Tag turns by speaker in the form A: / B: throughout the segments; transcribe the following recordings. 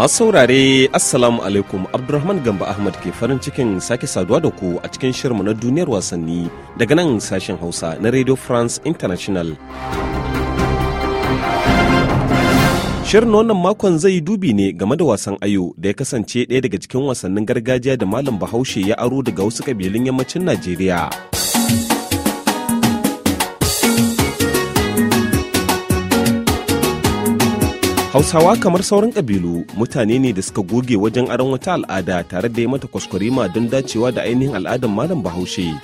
A: Masu saurare Assalamu alaikum Abdulrahman Gamba Ahmad ke farin cikin sake saduwa da ku a cikin shirmu na duniyar wasanni daga nan sashen Hausa na Radio France International. Shirin wannan makon zai dubi ne game da wasan ayo da ya kasance ɗaya daga cikin wasannin gargajiya da Malam Bahaushe ya aro daga wasu ƙabilun yammacin Najeriya. Hausawa kamar sauran kabilu mutane ne da suka goge wajen aron wata al'ada tare da yi mata kwaskwarima don dacewa da ainihin al'adar malam bahaushe.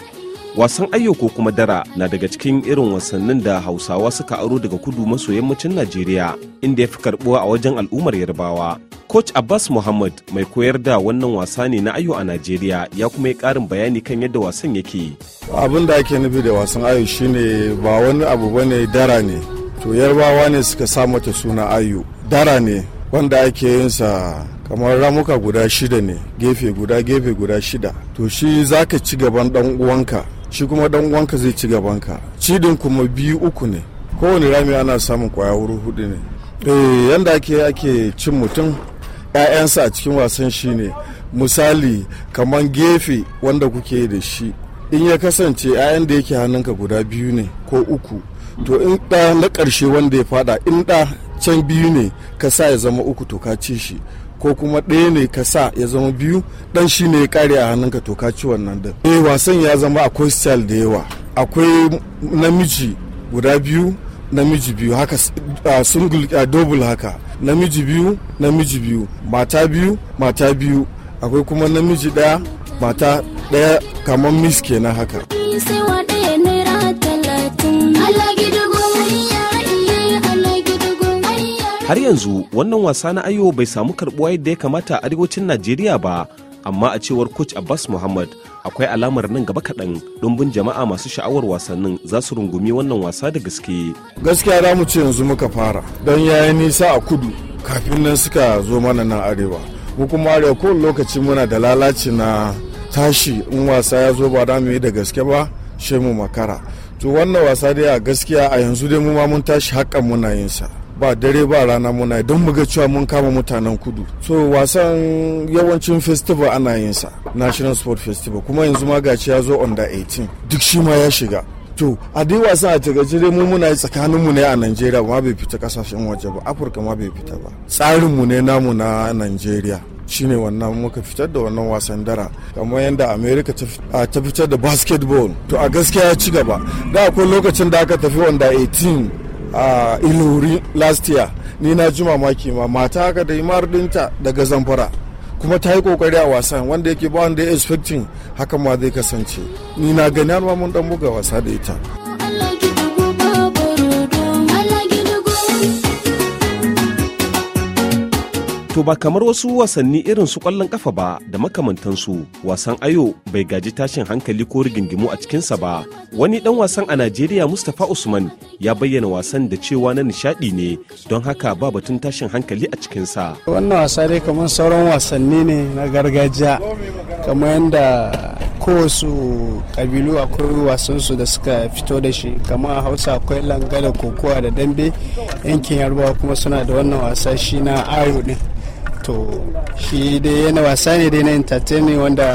A: Wasan ayyo ko kuma dara na daga cikin irin wasannin da Hausawa suka aro daga kudu maso yammacin Najeriya inda ya fi karɓuwa a wajen al'ummar Yarbawa. Coach Abbas Muhammad mai koyar da wannan wasa ne na ayo a Najeriya ya kuma yi karin bayani kan yadda
B: wasan yake. Abin da ake nufi da wasan ayo shine ba wani abu bane dara ne. To yarbawa ne suka sa mata suna ayo. dara ne wanda ake yin sa kamar ramuka guda shida ne gefe guda gefe guda shida to shi za ka ci gaban dan uwanka shi kuma dan uwanka zai ci gabanka cidin kuma biyu uku ne kowane rami ana samun kwaya wuri hudu ne eh yanda ake ake cin mutum ƴaƴansa a cikin wasan shi ne misali kamar gefe wanda kuke da shi in ya kasance 'ya'yan da yake hannunka guda biyu ne ko uku to in ɗa na ƙarshe wanda ya fada in ɗa can biyu ne ka sa ya zama uku to ka ci shi ko kuma ɗaya ne ka sa ya zama biyu ɗan shi ne ya kare a hannunka to ka ci wannan din eh wasan ya zama akwai style da yawa akwai namiji guda biyu namiji biyu haka a single a double haka namiji biyu namiji biyu mata biyu mata biyu akwai kuma namiji ɗaya mata ɗaya kamar miss kenan haka
A: har yanzu wannan wasa na ayo bai samu karbuwa yadda ya kamata a arewacin najeriya ba amma a cewar coach abbas muhammad akwai alamar nan gaba kaɗan ɗumbin jama'a masu sha'awar wasannin za su rungumi wannan wasa da gaske gaskiya
B: za mu ce yanzu muka fara don yayi nisa a kudu kafin nan suka zo mana nan arewa mu kuma arewa kowane lokaci muna da lalaci na tashi in wasa ya zo ba da mu yi da gaske ba shemu makara to wannan wasa dai a gaskiya a yanzu dai mu ma mun tashi haƙƙan muna yin sa ba dare ba rana muna don muga cewa mun kama mutanen kudu so wasan yawancin festival ana yin sa national sport festival kuma yanzu ma gaci ya zo under 18 duk shi ma ya shiga to a dai wasan a tagace dai mu muna yi tsakanin mu ne a Najeriya ma bai fita kasashen waje ba Afirka ma bai fita ba tsarin mu ne namu na Najeriya shine wannan muka fitar da wannan wasan dara kamar yadda america ta fitar da basketball to a gaskiya ya ci gaba da akwai lokacin da aka tafi wanda 18 a ilori last year ni na ji mamaki ma mata haka da imar dinta daga zamfara kuma ta yi kokari a wasan wanda yake ba wanda ya expecting haka ma zai kasance ni na gani ma mun dan buga wasa da ita To ba kamar wasu
A: wasanni irin su kwallon kafa ba da makamantansu wasan ayo bai gaji tashin hankali ko rigingimu a cikinsa ba. Wani dan wasan a Najeriya Mustapha Usman ya bayyana wasan da cewa na nishaɗi ne don haka ba batun tashin hankali a cikinsa.
C: Wannan wasa dai kamar sauran wasanni ne na gargajiya kamar yadda kowasu kabilu akwai wasansu da suka fito da shi kamar a hausa akwai langa da kokowa da dambe yankin yarbawa kuma suna da wannan wasa shi na ayo ɗin. to shi dai yana wasa ne dai na entertainment wanda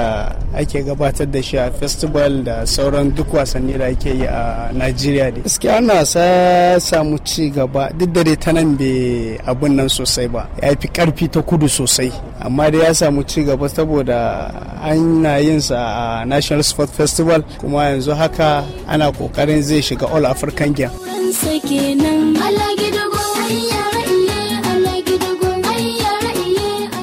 C: ake gabatar da shi a festival da sauran duk wasanni da ake yi a Najeriya dai. Gaskiya ana wasa samu ci gaba duk da dai ta nan bai abun nan sosai ba. Ya fi karfi ta kudu sosai. Amma dai ya samu ci gaba saboda ana yin sa a National Sport Festival kuma yanzu haka ana kokarin zai shiga All African Game.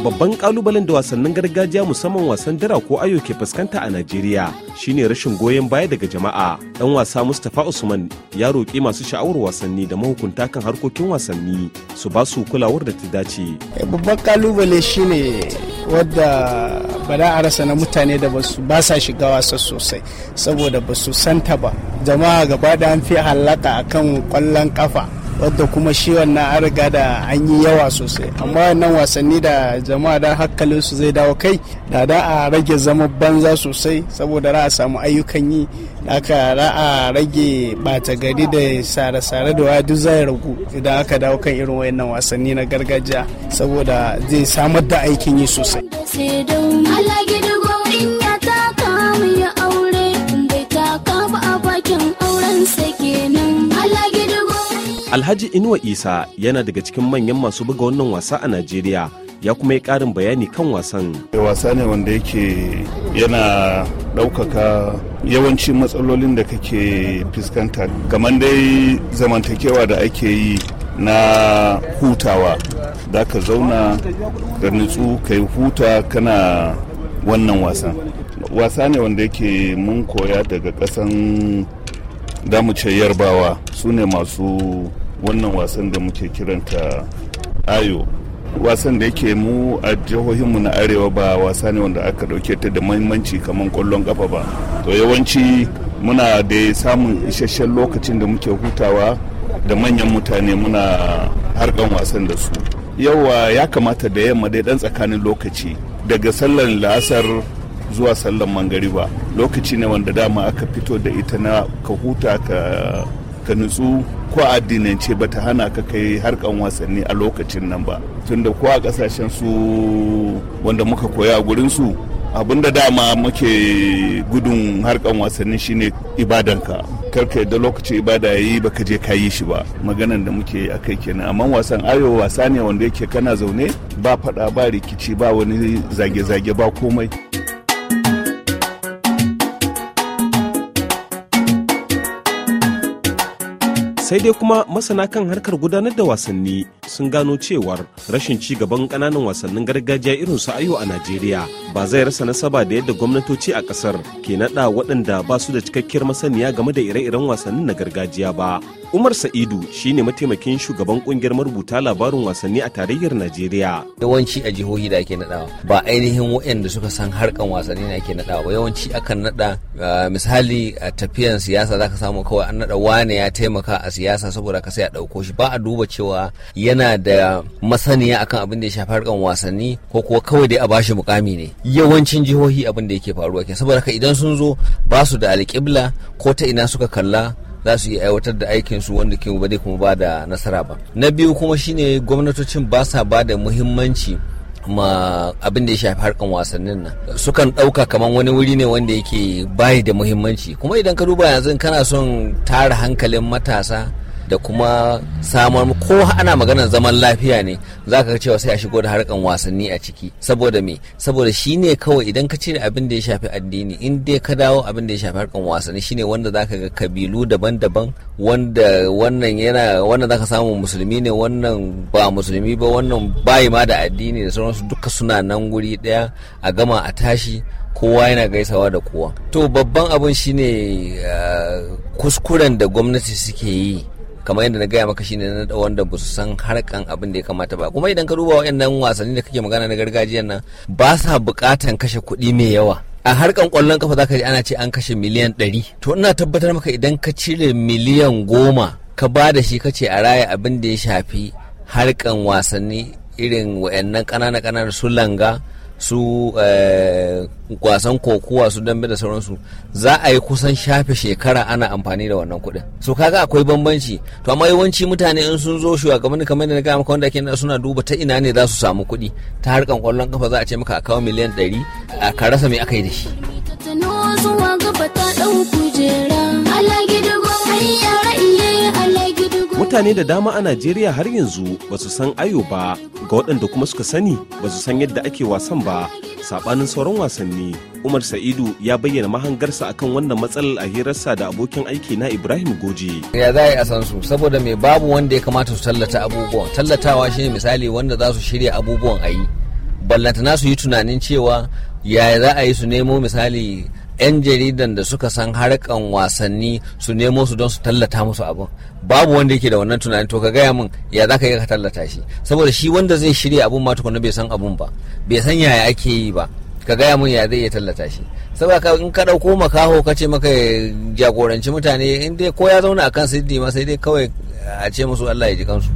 A: babban kalubalen da wasannin gargajiya musamman wasan dara ko ayo ke fuskanta a najeriya shine rashin goyon baya daga jama'a dan wasa mustapha usman ya roƙi masu sha'awar wasanni da mahukunta kan harkokin wasanni su ba su kulawar da ta dace
C: babban kalubale shine wadda ba za a rasa na mutane da ba su basa shiga wasa sosai saboda ba su santa ba jama'a gaba da an fi halaka akan kwallon kafa wadda kuma shi wannan an riga da an yi yawa sosai amma wannan wasanni da jama'a da hankalin su zai dawo kai da da a rage zama banza sosai saboda za a samu ayyukan yi da aka za a rage bata gari da sare-sare da waya za zai ragu idan aka dawo kan irin wayannan wasanni na gargajiya saboda zai samar da aikin yi sosai.
A: Alhaji Inuwa Isa yana daga cikin manyan masu buga wannan wasa a Najeriya ya kuma yi karin
D: bayani kan wasan. Wasa ne wanda yake yana ɗaukaka yawancin matsalolin da kake fuskanta kamar dai zamantakewa da ake yi na hutawa da ka zauna da nutsu ka yi huta kana wannan wasan. Wasa ne wanda yake mun koya daga ƙasan da mu ce yarbawa su ne masu wannan wasan da muke kiranta ayo wasan da yake mu a jihohinmu na arewa ba wasa ne wanda aka ɗauke ta da mahimmanci kamar kwallon kafa ba to yawanci muna da samun isasshen lokacin da muke hutawa da manyan mutane muna harkan wasan da su yawa ya kamata da yamma dai ɗan tsakanin lokaci daga sallar la'asar zuwa sallan ba lokaci ne wanda dama aka fito da ita na ka huta ka ka nutsu ko addinance ba ta hana ka kai harkan wasanni a lokacin nan ba tunda ko a kasashen su wanda muka koya a gurin su abin da dama muke gudun harkan wasanni shine ibadanka karka da lokacin ibada yayi baka je ka yi shi ba maganan da muke a akai kenan amma wasan ayo wasa ne wanda yake kana zaune ba fada ba rikici ba wani zage-zage ba komai
A: sai dai kuma masana kan harkar gudanar da wasanni sun gano cewar rashin ci gaban kananan wasannin gargajiya irin su ayo a najeriya ba zai rasa nasaba da yadda gwamnatoci a kasar ke nada waɗanda ba su da cikakkiyar masaniya game da ire-iren wasannin na gargajiya ba Umar Sa'idu shine
E: mataimakin shugaban kungiyar marubuta labarin wasanni a tarayyar Najeriya. Yawanci a jihohi da ake nadawa ba ainihin waɗanda suka san harkan wasanni ne ake nadawa ba yawanci akan nada ah, misali a tafiyan siyasa zaka samu kawai an nada wane ya taimaka a siyasa saboda ka sai a dauko shi ba a duba cewa yana da masaniya akan abin da ya shafi harkan wasanni ko kuwa kawai dai a bashi mukami ne. Yawancin jihohi abin da yake faruwa ke saboda ka idan sun zo ba su da alƙibla ko ta ina suka kalla za su iya aiwatar da aikin su wanda ke bade kuma ba da nasara ba na biyu kuma shine gwamnatocin ba sa ba da muhimmanci ma abin da ya shafi harkan wasannin nan sukan ɗauka kamar wani wuri ne wanda yake bayi da muhimmanci kuma idan ka duba yanzu kana son tara hankalin matasa da kuma samar ko ana maganar zaman lafiya ne za ka cewa sai a shigo da harkan wasanni a ciki saboda me saboda shi ne kawai idan ka cire abin da ya shafi addini in dai ka dawo abin da ya shafi harkan wasanni shine wanda za ka ga kabilu daban-daban wanda wannan yana wanda za ka samu musulmi ne wannan ba musulmi ba wannan bayi ma da addini da sauransu duka suna nan guri daya a gama a tashi kowa yana gaisawa da kowa to babban abin shine eh, kuskuren da gwamnati suke yi kamar yadda na gaya maka shine na wanda ba su san harkan abin da ya kamata ba kuma idan ka duba waɗannan wasanni da kake magana na gargajiyan nan ba sa buƙatan kashe kuɗi mai yawa a harkan kwallon kafa zaka ji ana ce an kashe miliyan ɗari to ina tabbatar maka idan ka cire miliyan goma ka ba da shi ka ce a raya abin da ya shafi harkan wasanni irin wa'annan ƙanana ƙananan su langa su eh, kwasan kokuwa su dambe da sauransu za a yi kusan shafe shekara ana amfani da wannan kuɗin su kaga akwai bambanci to amma yawanci mutane in sun zo shugabanni kamar da na gaya maka na ake suna duba ta ina ne za su samu kuɗi ta harkan kwallon kafa za a ce maka a kawo miliyan ɗari a ka rasa mai aka yi da shi. mutane da
A: dama a najeriya har yanzu ba su san ayo ba ga waɗanda kuma suka sani ba su san yadda ake wasan ba saɓanin sauran wasanni umar sa'idu ya bayyana mahangarsa akan wannan
E: matsalar a hirarsa da abokin aiki na ibrahim goji ya za a san su saboda mai babu wanda ya kamata su tallata abubuwan tallatawa shine misali wanda za su shirya abubuwan ayi yi na su yi tunanin cewa yaya za a yi su nemo misali 'yan jaridan da suka san harkan wasanni su nemo su don su tallata musu abin babu wanda yake da wannan tunanin to ka gaya min ya za ka yi ka tallata shi saboda shi wanda zai shirya abun ma tukuna bai san abun ba bai san yaya ake yi ba ka gaya min ya zai iya tallata shi saboda ka in ka ɗauko makaho ka ce maka jagoranci mutane in dai ko ya zauna a kan ma sai dai kawai a ce musu Allah ya ji kansu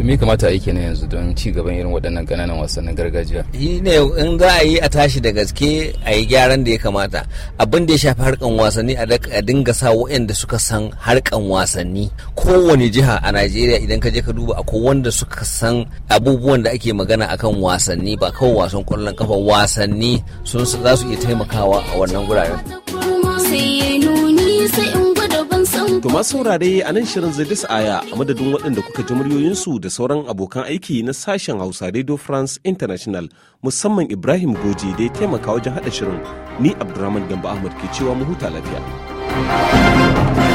E: to me kamata a yi kenan yanzu don ci gaban irin waɗannan ƙananan wasannin gargajiya yi ne in za a yi a tashi da gaske a yi gyaran da ya kamata abin da ya shafi harkan wasanni a dinga sa waɗanda suka san harkan wasanni kowane jiha a najeriya idan ka je ka duba a wanda suka san abubuwan da ake magana akan wasanni ba kawai wasan ƙwallon kafa wasanni sun za su iya taimakawa a wannan wuraren.
C: sai ya nuni sai
E: To masu saurare a nan shirin zai aya a madadin
A: waɗanda kuka ji muryoyinsu da sauran abokan aiki na sashen Hausa Radio France International musamman Ibrahim Goji da ya taimaka wajen haɗa shirin ni Abdulrahman Gamba Ahmad ke cewa mu huta lafiya.